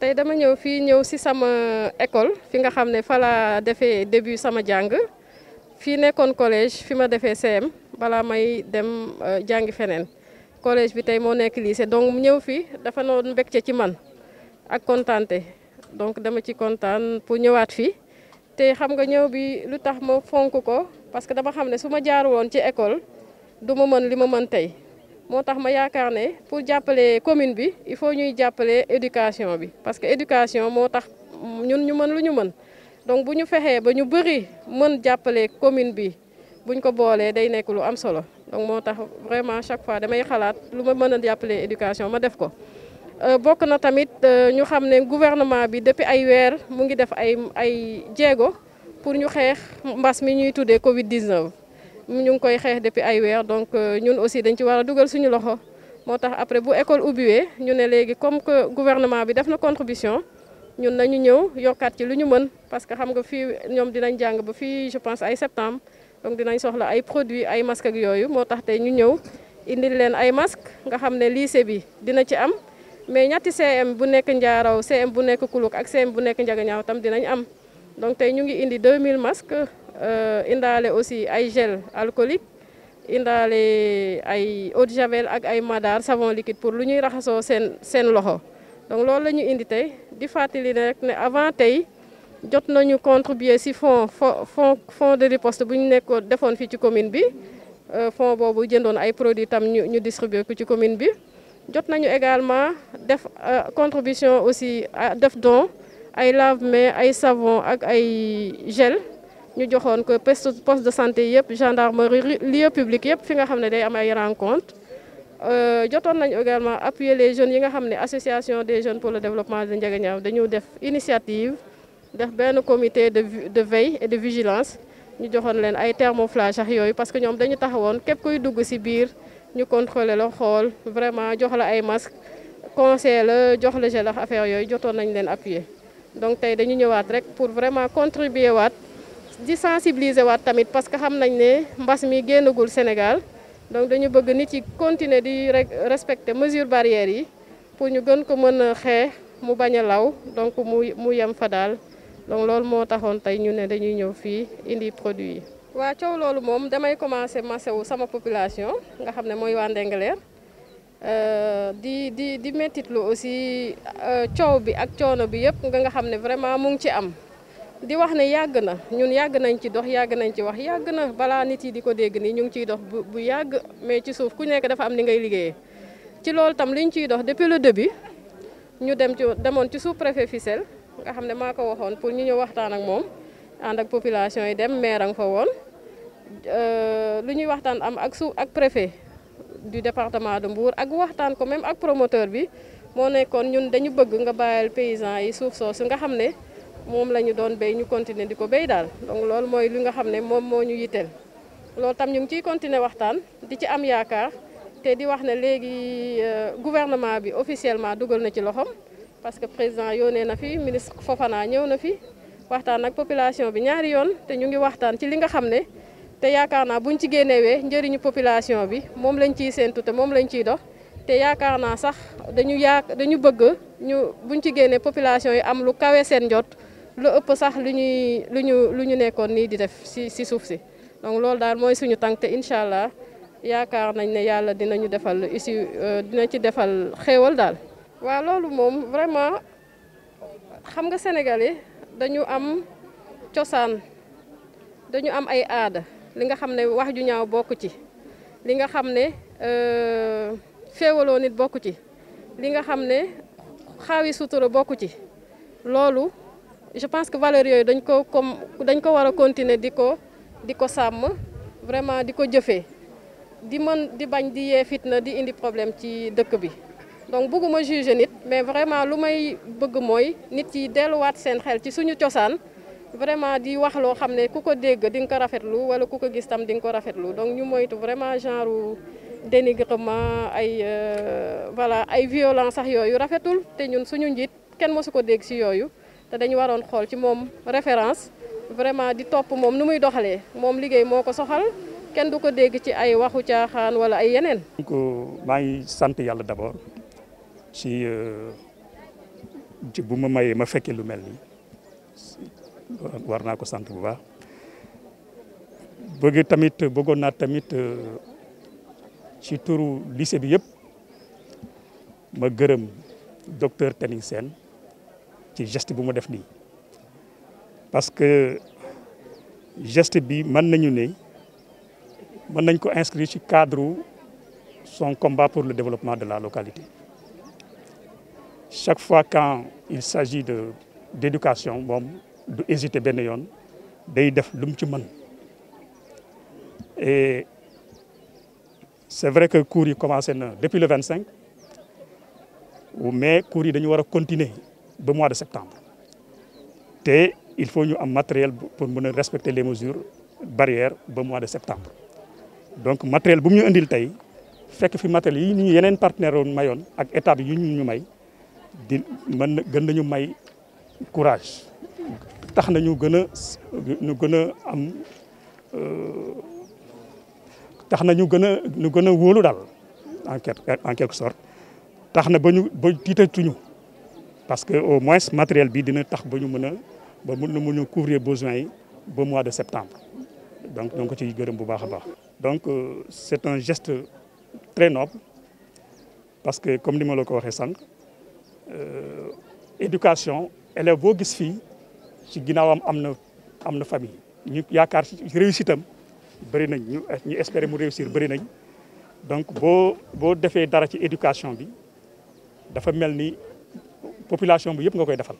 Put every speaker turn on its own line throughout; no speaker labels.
tey dama ñëw fii ñëw si sama école fi nga xam ne falaa defee début sama jàng fii nekkoon collège fi ma defee CM balaa may dem euh, jàngi feneen collège bi tey moo nekk lycée donc mu ñëw fii dafa noon noonu mbégte ci man ak kontaante donc dama ci kontaan pour ñëwaat fii te xam nga ñëw bi lu tax ma fonk ko parce que dama xamné suma jaar école du mën li de mën tay motax ma pour la commune il faut ñuy l'éducation. parce que éducation motax ñun ñu mën donc bëri commune bi buñ ko bolé day lu am donc vraiment chaque fois damay mën a éducation ma def ko. Euh, bokk euh, gouvernement depuis ay mu ngi def pour ñu xeex mbas mi ñuy tuddee Covid 19 ñu ngi koy xeex depuis ay weer donc euh, ñun aussi dañ ci war a dugal suñu loxo moo tax après bu école ubbiwee ñu ne léegi comme que gouvernement bi def na contribution ñun nañu ñëw yokkaat ci lu ñu mën parce que xam nga fii ñoom dinañ jàng ba fii je pense ay septembre donc dinañ soxla ay produit ay masques yooyu moo tax tey ñu ñëw indil leen ay masques nga xam ne lycée bi dina ci am mais ñetti CM bu nekk Njaaraw CM bu nekk Kuluk ak CM bu nekk Njagañaaw tam dinañ am. donc tey ñu ngi indi 2000 masques euh, indalé aussi ay gel alcoolique indalé ay eau de javel ak ay madar savon liquide pour luñuy ñuy sen sen loxo donc loolu lañu indi tay, di fàttali rek né avant tay jot nañu contribuer ci fond fond fond de riposte bu ñu nekkoon fi ci commune bi Euh, fonds bobu jëndoon ay produits tam ñu ñu distribuer ko ci commune bi jot nañu également def euh, contribution aussi def don ay lave-mains ay savon ak ay gel ñu joxoon ko poste de santé yépp gendarmerie lieu public yépp fi nga xam ne day am ay rencontre euh, jotoon nañ également appuyer les jeunes yi nga xam ne association des jeunes pour le développement de Ndiaganiao dañu def initiative def benn comité de de veille et de vigilance ñu joxoon leen ay thermoflage ak yooyu parce que ñoom dañu taxawoon képp kuy dugg ci biir ñu contrôler la xool vraiment jox la ay masque conseil la jox la gel ak affaire yooyu jotoon nañ leen appuyer donc tay dañu ñëwaat rek pour vraiment contribuer waat di sensibiliser waat tamit parce que xam nañ ne mbas mi génnagul Sénégal donc dañu bëgg nit yi continuer di rek respecter mesure barrière yi pour ñu gën ko mën a xeex mu bañ a law donc mu mu yem fa daal donc loolu moo taxoon tey ñu ne dañuy ñëw fii indi produit yi. waa coow loolu moom damay commencer wu sama population nga xam ne mooy waa Ndingler Euh, di di di mettitlu aussi euh, coow bi ak coono bi yëpp nga nga xam ne vraiment mu ngi ci am di wax ne yàgg na ñun yàgg nañ ci dox yàgg nañ ci wax yàgg na balaa nit yi di ko dégg nii ñu ngi ciy dox bu yàgg mais ci suuf ku nekk dafa am li ngay liggéeyee ci loolu tam liñ ciy dox depuis le début ñu dem ci demoon ci sous-préfet Fissel nga xam ne maa ko waxoon pour ñu ñëw waxtaan ak moom ànd ak population yi dem maire nga fa woon euh, lu ñuy waxtaan am ak suuf ak préfet du département de Mbour ak waxtaan ko même ak promoteur bi moo nekkoon ñun dañu bëgg nga paysan yi nga la doon béy ñu continuer di ko donc loolu mooy li nga ne gouvernement bi officiellement na ci parce que président yónnee na fi ministre Fofana ñëw na fi waxtaan population bi ñaari yoon ñu ngi ci li te yaakaar naa buñ ci génnewee njëriñu population bi moom lañ ciy séentu te moom lañ ciy dox te yaakaar naa sax dañu yaak dañu bëgg ñu buñ ci génnee population yi am lu kawe seen njot lu ëpp sax lu ñuy lu ñu lu ñu nekkoon nii di def si si suuf si donc loolu daal mooy suñu tànk incha allah yaakaar nañ ne yàlla dinañu defal ici euh, dina ci defal xéewal daal. waa loolu moom vraiment xam nga Sénégal yi dañu am cosaan dañu am ay aada. li nga xam wax ju ñaaw bokku ci li nga xam ne euh, féewaloo nit bokku ci li nga xam ne sutura ci lolu je pense que valeur yoy dañ ko comme dañ ko wara continuer diko diko sam vraiment diko jëfé di man di bañ di yé fitna di indi problème ci dëkk bi donc bëgguma juger nit mais vraiment lu may bëgg moy nit yi delluwaat seen xel ci suñu cosaan vraiment di wax lo xamné kuko ku dégg di nga rafetlu wala kuko gis tam di nga rafetlu donc ñu moytu vraiment genre dénigrement ay euh, voilà ay violence sax yoyu rafetul té ñun suñu njiit kenn mosu ko dégg ci yoyu té dañu waron xol ci mom référence vraiment di top mom nu muy doxalee moom liggéey moko soxal kenn duko ko dégg ci ay waxu caaxaan wala ay yenen
donc euh, ma ngi sante yalla d'abord ci euh, ci bu ma mayee ma fekkee lu melni war naa ko sant bu baax bëgg tamit bëggoon naa tamit euh, ci turu lycée bi yëpp ma gërëm docteur Tening Sène ci geste bu def nii parce que geste bi mën nañu ne mën nañ ko inscrire ci cadre son combat pour le développement de la localité chaque fois quand il s'agit de d'éducation bon du hésiter benn yoon day def et c'est vrai que le courrier commence depuis le 25 mais le yi dañu continuer ba mois de septembre Et il faut un matériel pour respecter les mesures barrières ba mois de septembre donc matériel bu ñu andil fi matériel yi ñu partenaire et mayoon ak état yi ñu ñu courage tax na ñu gën a ñu gën a am euh, tax na ñu gën a ñu gën a wóolu daal en quelque en quelque sorte tax na ba ñu ba tiitatuñu parce que au moins matériel bi dina tax ba ñu mën a ba mën na couvrir besoins yi ba mois de septembre donc donc ngi ko ciy gërëm bu baax a baax. donc euh, c'est un geste très noble parce que comme ni ma la ko waxee sànq euh, éducation élèves boo gis fii ci ginaawam am na am na famille ñu yaakaar ci réussite am bëri nañ ñu ñu espérer mu réussir bëri nañ donc boo boo defee dara ci éducation bi dafa mel ni population bi yëpp nga koy defal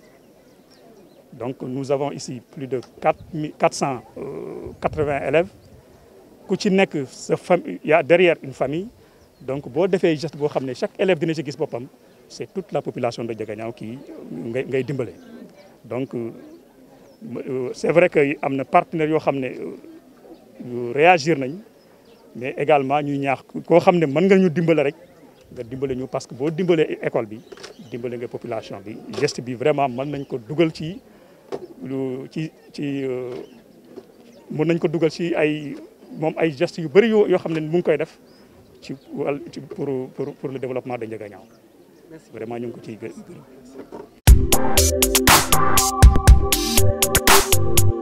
donc nous avons ici plus de quatre mille euh, élèves ku ci nekk sa famille y a derrière une famille donc boo defee geste boo xam ne chaque élève dina ci gis boppam c'est toute la population de Diaganiao kii ngay ngay dimbale donc euh, Euh, c'est vrai que am na partenaires yoo xam ne euh, réagir nañ mais également ñuy ñaax koo xam ne mën nga ñu dimbale rek nga dimbale ñu parce que boo dimbalee école bi dimbale nga population bi geste bi vraiment mën nañ ko dugal ci ci ci euh, mën nañ ko dugal ci ay moom ay gestes yu bëri yoo xam ne mu ngi koy def ci wàll pour pour le développement de Ndiaganiao vraiment ñu ngi ko ciy gërëm. you.